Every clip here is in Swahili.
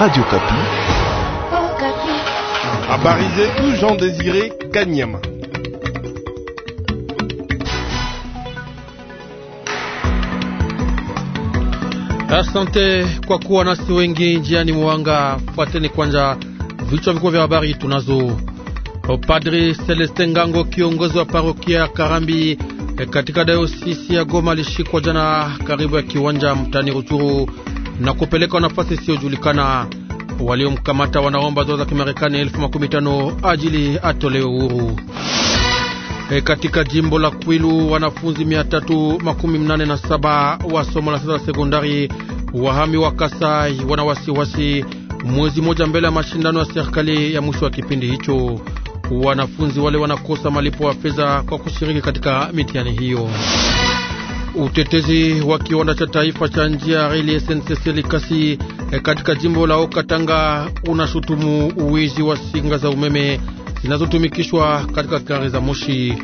Radio Kapi. Oh, Kapi. Habari zetu Jean Désiré Kanyama. Asante kwa kuwa nasi wengi njiani mwanga. Fuateni kwanza vichwa vikubwa vya habari tunazo. Padri Celestin Ngango, kiongozi wa parokia ya Karambi katika dayosisi ya Goma, alishikwa jana karibu ya kiwanja mtani Ruchuru na kupeleka nafasi isiyojulikana. Waliomkamata wanaomba dola za Kimarekani elfu makumi tano ajili atolewe uhuru. E, katika jimbo la Kwilu wanafunzi 387 wa somo la sasa sekondari wahami wa Kasai wana wasiwasi mwezi moja mbele ya mashindano ya serikali ya mwisho wa kipindi hicho. Wanafunzi wale wanakosa malipo ya fedha kwa kushiriki katika mitihani hiyo. Utetezi wa kiwanda cha taifa cha njia reli SNCC Likasi eh, katika jimbo la Okatanga unashutumu uwizi wa singa za umeme zinazotumikishwa katika gari za moshi,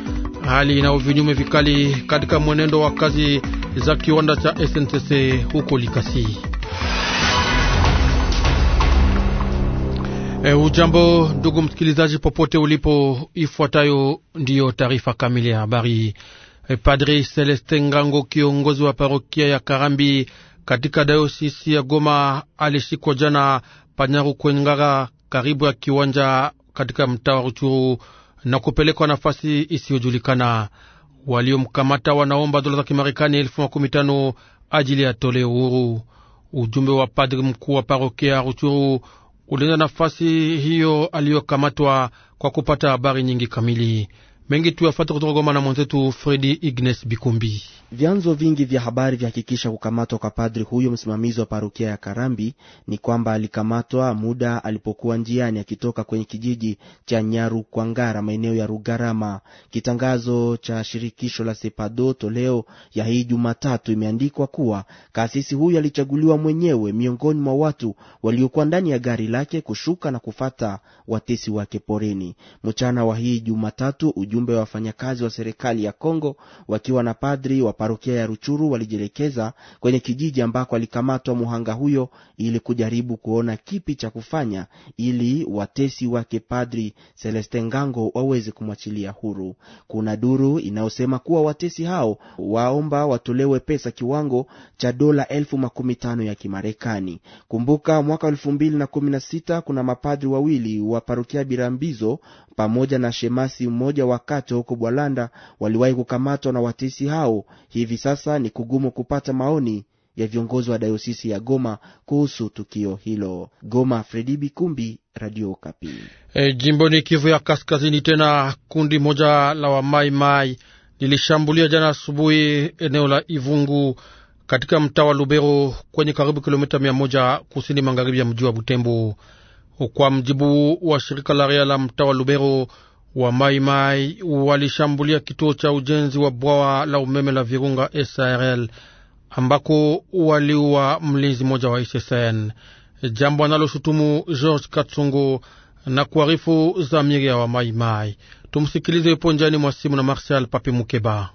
hali inayo vinyume vikali katika mwenendo wa kazi za kiwanda cha SNCC huko Likasi. E, ujambo ndugu msikilizaji, popote ulipo, ifuatayo ndiyo taarifa kamili ya habari. E, padri Celeste Ngango, kiongozi wa parokia ya Karambi katika dayosisi ya Goma, alishikwa jana Panyaru Kwengara, karibu ya kiwanja katika mtaa wa Ruchuru na kupelekwa nafasi isiyojulikana. Waliomkamata wanaomba dola za Kimarekani elfu makumi tano ajili ya tole uhuru. Ujumbe wa padri mkuu wa parokia ya Ruchuru ulienda nafasi hiyo aliyokamatwa kwa kupata habari nyingi kamili mengi tuyafata kutoka kwa mwana mwenzetu Fredi Ignes Bikumbi. Vyanzo vingi vya habari vyahakikisha kukamatwa kwa padri huyo msimamizi wa parokia ya Karambi ni kwamba alikamatwa muda alipokuwa njiani akitoka kwenye kijiji cha Nyaru Kwangara, maeneo ya Rugarama. Kitangazo cha shirikisho la Sepado toleo ya hii Jumatatu imeandikwa kuwa kasisi huyo alichaguliwa mwenyewe miongoni mwa watu waliokuwa ndani ya gari lake kushuka na kufata watesi wake porini mchana wa hii Jumatatu ujumbe wa wafanyakazi wa serikali ya Kongo wakiwa na padri wa parokia ya Ruchuru walijielekeza kwenye kijiji ambako alikamatwa muhanga huyo ili kujaribu kuona kipi cha kufanya ili watesi wake Padri Celeste Ngango waweze kumwachilia huru. Kuna duru inayosema kuwa watesi hao waomba watolewe pesa kiwango cha dola elfu makumi tano ya Kimarekani. Kumbuka mwaka elfu mbili na kumi na sita kuna mapadri wawili wa parokia Birambizo pamoja na shemasi mmoja wa Makato huko Bwalanda waliwahi kukamatwa na watesi hao. Hivi sasa ni kugumu kupata maoni ya viongozi wa dayosisi ya Goma kuhusu tukio hilo. Goma, Fredi Bikumbi, Radio Okapi. E, ni Kivu ya Kaskazini, tena kundi moja la wamaimai lilishambulia jana asubuhi eneo la Ivungu katika mtaa wa Lubero kwenye karibu kilomita mia moja kusini magharibi ya mji wa Butembo, kwa mjibu wa shirika la raia la mtaa wa Lubero wa Maimai walishambulia kituo cha ujenzi wa bwawa la umeme la Virunga SRL ambako waliua mlinzi mmoja wa SSN, jambo analoshutumu George Katsungo na kuarifu za miria wa Maimai. Tumsikilize yupo njani mwa simu na Marshal Papi Mukeba.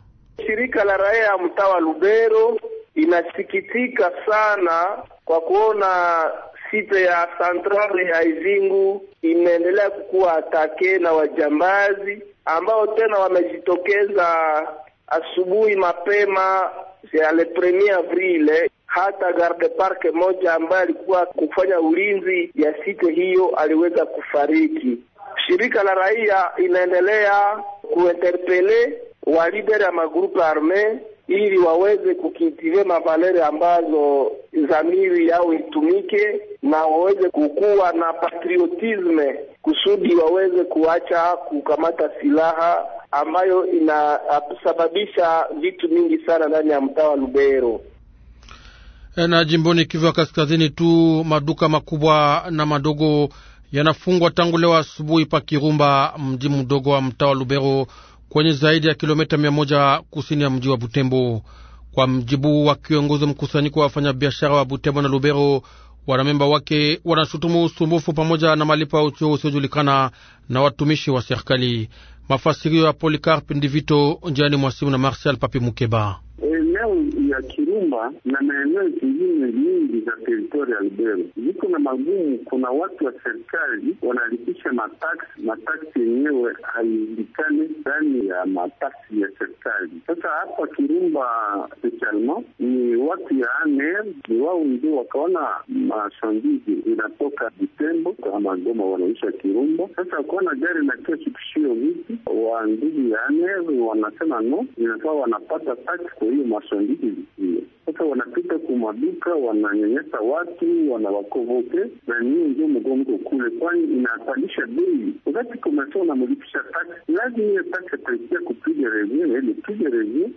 Shirika la raia ya mtaa wa Lubero inasikitika sana kwa kuona site ya Central ya Izingu imeendelea kukuwa atake na wajambazi ambao tena wamejitokeza asubuhi mapema ya le premier avril hata garde park moja ambaye alikuwa kufanya ulinzi ya site hiyo aliweza kufariki. Shirika la raia inaendelea kuinterpele wa leader ya magrupu arme ili waweze kukitivia valere ambazo zamiri yao itumike na waweze kukuwa na patriotisme kusudi waweze kuacha kukamata silaha ambayo inasababisha ah, vitu mingi sana ndani ya mtaa wa Lubero eh, na jimboni Kivu ya Kaskazini tu maduka makubwa na madogo yanafungwa tangu leo asubuhi pa Kirumba, mji mdogo wa mtaa wa Lubero kwenye zaidi ya kilomita mia moja kusini ya mji wa Butembo. Kwa mjibu wa kiongozi mkusanyiko wa wafanyabiashara wa Butembo na Lubero, wanamemba wake wanashutumu usumbufu pamoja na malipo ya uchuo usiojulikana na watumishi wa serikali. Mafasirio ya Polikarp Ndivito njiani mwasimu na Marsial Papi Mukeba maeneo ya Kirumba na maeneo zingine nyingi za teritori ya Lubero ziko na magumu. Kuna watu wa serikali wanalipisha mataksi, mataksi yenyewe haijulikane ndani ya mataksi ya serikali. Sasa hapa Kirumba spesialma ni watu ya ane ni wao ndio wakaona mashambizi inatoka Vitembo kama Goma, wanaisha Kirumba. Sasa wakaona gari na kesho tushio vipi wa ndugu ya ane wanasema no, inakawa wanapata taksi kwa hiyo Kiswahili hiyo. Sasa wanapita kumaduka, wananyanyasa watu, wanawakovote na niyo ndio mgongo kule, kwani inapandisha bei wakati komersa unamlipisha taksi. Lazima hiyo taksi ataisia kupiga revie na ile piga revie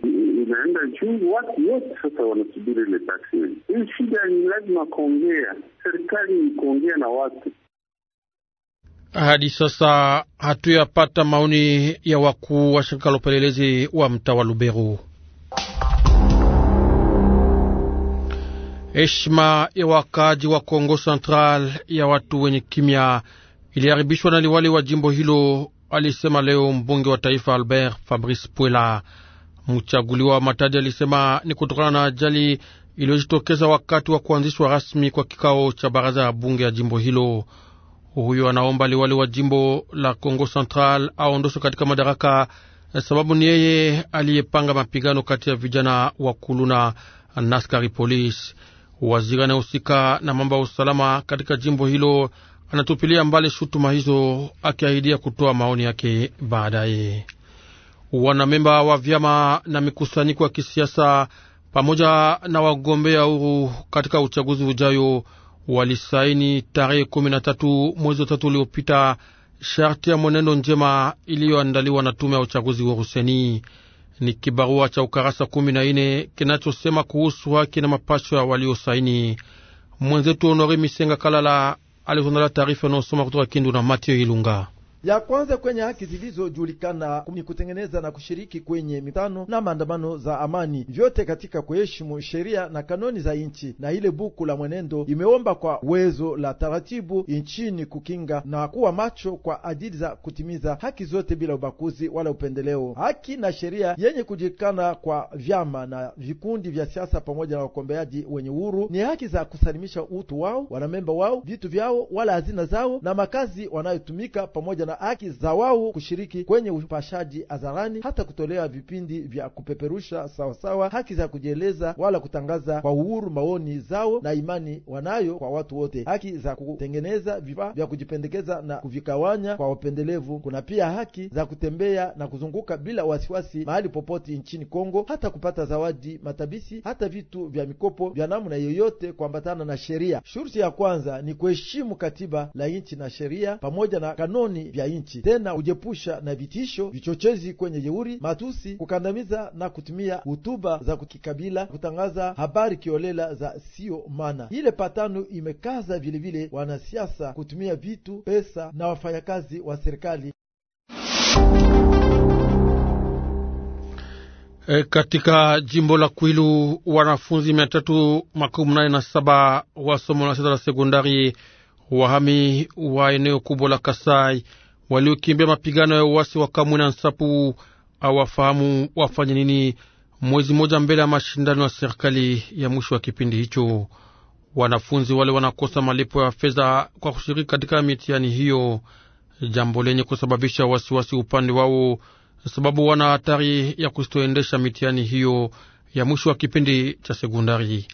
inaenda juu, watu wote sasa wanasubiri ile taksi. Hii shida ni lazima kuongea, serikali ni kuongea na watu. Hadi sasa hatuyapata maoni ya wakuu wa shirika la upelelezi wa mtaa wa Lubero. Heshima ya wakaaji wa Kongo Central ya watu wenye kimya iliharibishwa na liwali wa jimbo hilo, alisema leo mbunge wa taifa Albert Fabrice Pwela. Mchaguliwa wa Matadi alisema ni kutokana na ajali iliyojitokeza wakati wa kuanzishwa rasmi kwa kikao cha baraza ya bunge ya jimbo hilo. Huyo anaomba liwali wa jimbo la Kongo Central aondoshwe katika madaraka, sababu ni yeye aliyepanga mapigano kati ya vijana wa kuluna na askari polisi. Waziri anayehusika na mambo ya usalama katika jimbo hilo anatupilia mbali shutuma hizo, akiahidia kutoa maoni yake baadaye. Wanamemba wa vyama na mikusanyiko ya kisiasa pamoja na wagombea huru katika uchaguzi ujayo walisaini tarehe kumi na tatu mwezi wa tatu uliopita sharti ya mwenendo njema iliyoandaliwa na tume ya uchaguzi wa Ruseni ni kibarua cha ukarasa kumi na ine kinachosema kuhusu haki na mapasho ya waliosaini. Mwenzetu Honore Misenga Kalala alizondala taarifa inayosoma kutoka Kindu na Mathieu Ilunga ya kwanza kwenye haki zilizojulikana ni kutengeneza na kushiriki kwenye mitano na maandamano za amani, vyote katika kuheshimu sheria na kanuni za nchi. Na ile buku la mwenendo imeomba kwa wezo la taratibu nchini kukinga na kuwa macho kwa ajili za kutimiza haki zote bila ubakuzi wala upendeleo. Haki na sheria yenye kujulikana kwa vyama na vikundi vya siasa pamoja na wakombeaji wenye uhuru ni haki za kusalimisha utu wao, wanamemba wao, vitu vyao, wala hazina zao na makazi wanayotumika pamoja na na haki za wao kushiriki kwenye upashaji hadharani, hata kutolewa vipindi vya kupeperusha sawasawa haki za kujieleza wala kutangaza kwa uhuru maoni zao na imani wanayo kwa watu wote, haki za kutengeneza vifaa vya kujipendekeza na kuvikawanya kwa wapendelevu. Kuna pia haki za kutembea na kuzunguka bila wasiwasi mahali popote nchini Kongo, hata kupata zawadi, matabisi, hata vitu vya mikopo vya namna yoyote kuambatana na sheria. Shurti ya kwanza ni kuheshimu katiba la nchi na sheria pamoja na kanoni vya ya nchi, tena ujepusha na vitisho, vichochezi kwenye jeuri, matusi, kukandamiza na kutumia hutuba za kikabila, kutangaza habari kiolela za sio mana Ile patano imekaza vilevile wanasiasa kutumia vitu, pesa na wafanyakazi wa serikali. E, katika jimbo la Kwilu wanafunzi mia tatu makumi nane na saba wa somo la sita la sekondari wahami wa eneo kubwa la Kasai waliokimbia mapigano ya uasi wa na Nsapu awafahamu wafanye nini mwezi mmoja mbele ya mashindano ya serikali ya mwisho wa kipindi hicho. Wanafunzi wale wanakosa malipo ya fedha kwa kushiriki katika mitihani hiyo, jambo lenye kusababisha wasiwasi upande wao, sababu wana hatari ya kusitoendesha mitihani hiyo ya mwisho wa kipindi cha sekondari.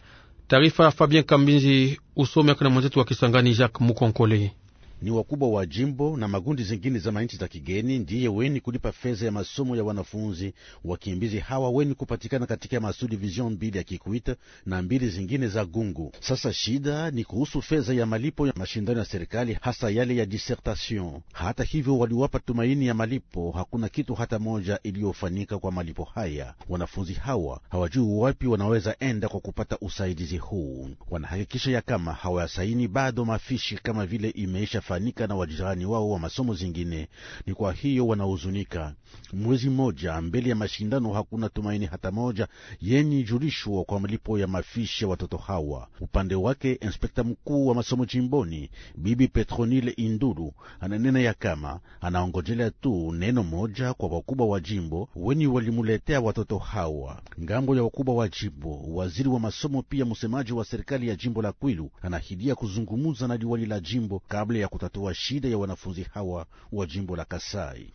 Taarifa ya Fabien Kambinzi usome akina mwenzetu wa Kisangani Jacques Mukonkole ni wakubwa wa jimbo na magundi zingine za manchi za kigeni ndiye weni kulipa fedha ya masomo ya wanafunzi wakimbizi hawa weni kupatikana katika masudivision mbili ya kikwita na mbili zingine za Gungu. Sasa shida ni kuhusu fedha ya malipo ya mashindano ya serikali, hasa yale ya dissertation. Hata hivyo, waliwapa tumaini ya malipo, hakuna kitu hata moja iliyofanyika kwa malipo haya. Wanafunzi hawa hawajui wapi wanaweza enda kwa kupata usaidizi huu. Wanahakikisha ya kama hawayasaini bado mafishi kama vile imeisha kufanika na wajirani wao wa masomo zingine. Ni kwa hiyo wanahuzunika. Mwezi mmoja mbele ya mashindano, hakuna tumaini hata moja yenye julishwa kwa malipo ya mafishi ya watoto hawa. Upande wake, inspekta mkuu wa masomo jimboni Bibi Petronile Indulu ananena ya kama anaongojelea tu neno moja kwa wakubwa wa jimbo wenye walimuletea watoto hawa. Ngambo ya wakubwa wa jimbo, waziri wa masomo pia msemaji wa serikali ya jimbo la Kwilu anahidia kuzungumuza na liwali la jimbo kabla ya kutatua shida ya wanafunzi hawa wa jimbo la Kasai.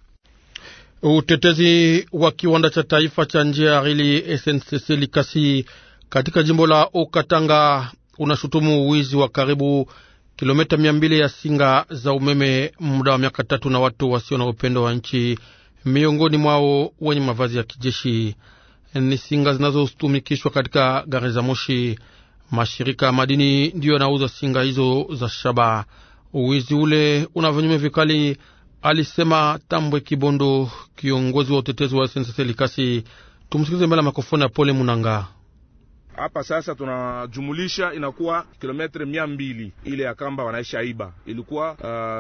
Utetezi wa kiwanda cha taifa cha njia ya reli SNCC Likasi katika jimbo la Okatanga unashutumu uwizi wa karibu kilomita mia mbili ya singa za umeme muda wa miaka tatu na watu wasio na upendo wa nchi, miongoni mwao wenye mavazi ya kijeshi. Ni singa zinazotumikishwa katika gari za moshi. Mashirika ya madini ndiyo yanauza singa hizo za shaba. Uwizi ule vinyume vikali, alisema Tambwe Kibondo, kiongozi wa utetezi wa SNCC Likasi. Tumsikilize mbele ya makofoni ya Pole Munanga. Hapa sasa tunajumulisha inakuwa kilometre mia mbili ile ya kamba wanaisha iba ilikuwa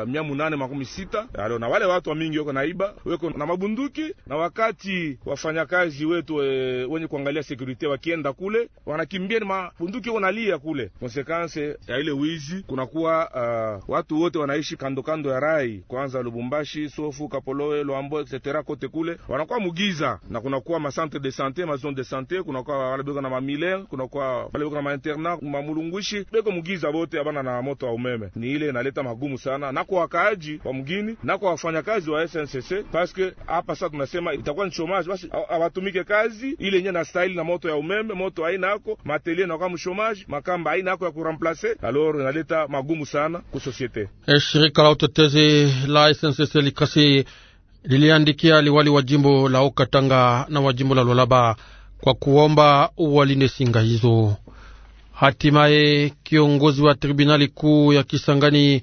uh, mia munane makumi sita alo, yaani na wale watu wa mingi weko na iba weko na mabunduki, na wakati wafanyakazi wetu e, wenye kuangalia sekurite wakienda kule wanakimbia ni mabunduki weko nalia kule. Konsekanse ya ile wizi kunakuwa uh, watu wote wanaishi kando kando ya rai kwanza Lubumbashi, Sofu, Kapolowe, lwambo etc kote kule wanakuwa mugiza, na kunakuwa macentre de sante mazone de sante kunakuwa walabika na mamilere kunakuwa bale beko na mainternat beko mugiza bote abana na moto wa umeme, ni ile inaleta magumu sana na kwa wakaaji wa mgini na kwa wafanyakazi wa SNCC, paske hapa sasa tunasema itakuwa ni chomage, basi awatumike kazi ile yenye na style na moto ya umeme, moto haina yako matelie na kwa mshomaji makamba haina yako ya kuramplace, alors inaleta magumu sana ku societe. Eh, shirika la utetezi la SNCC likasi liliandikia liwali wa jimbo la Okatanga na wa jimbo la Lualaba kwa kuomba walinde singa hizo. Hatimaye kiongozi wa tribunali kuu ya Kisangani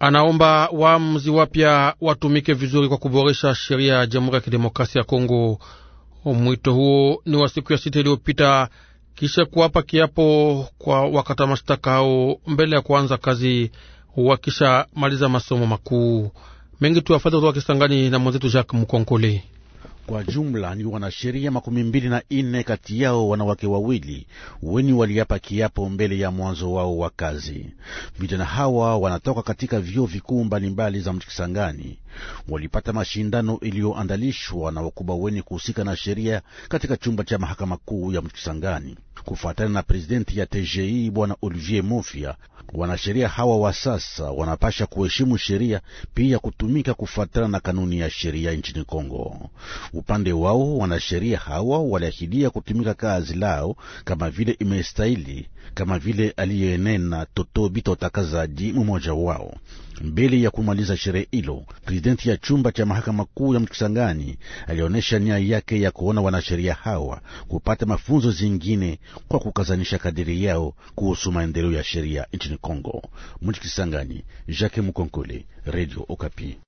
anaomba waamuzi wapya watumike vizuri kwa kuboresha sheria ya Jamhuri ya Kidemokrasia ya Kongo. Mwito huo ni wa siku ya sita iliyopita kisha kuwapa kiapo kwa wakata mashtaka hao mbele ya kuanza kazi wakisha maliza masomo makuu mengi. Tuyafata kutoka Kisangani na mwenzetu Jacques Mkonkole. Kwa jumla ni wanasheria makumi mbili na nne, kati yao wanawake wawili weni waliapa kiapo mbele ya mwanzo wao wa kazi. Vijana hawa wanatoka katika vyuo vikuu mbalimbali za mchikisangani walipata mashindano iliyoandalishwa na wakubwa weni kuhusika na sheria katika chumba cha mahakama kuu ya Mkisangani. Kufuatana na prezidenti ya TGI bwana Olivier Mofia, wanasheria hawa wa sasa wanapasha kuheshimu sheria pia kutumika kufuatana na kanuni ya sheria nchini Kongo. Upande wao wanasheria hawa waliahidia kutumika kazi lao kama vile imestahili, kama vile aliyenena Toto takazaji mmoja wao. Mbele ya kumaliza sherehe hilo, prezidenti ya chumba cha mahakama kuu ya Mkisangani alionyesha nia yake ya kuona wanasheria hawa kupata mafunzo zingine kwa kukazanisha kadiri yao kuhusu maendeleo ya sheria nchini Kongo. Mji Kisangani, Jacques Mukonkole, Radio Okapi.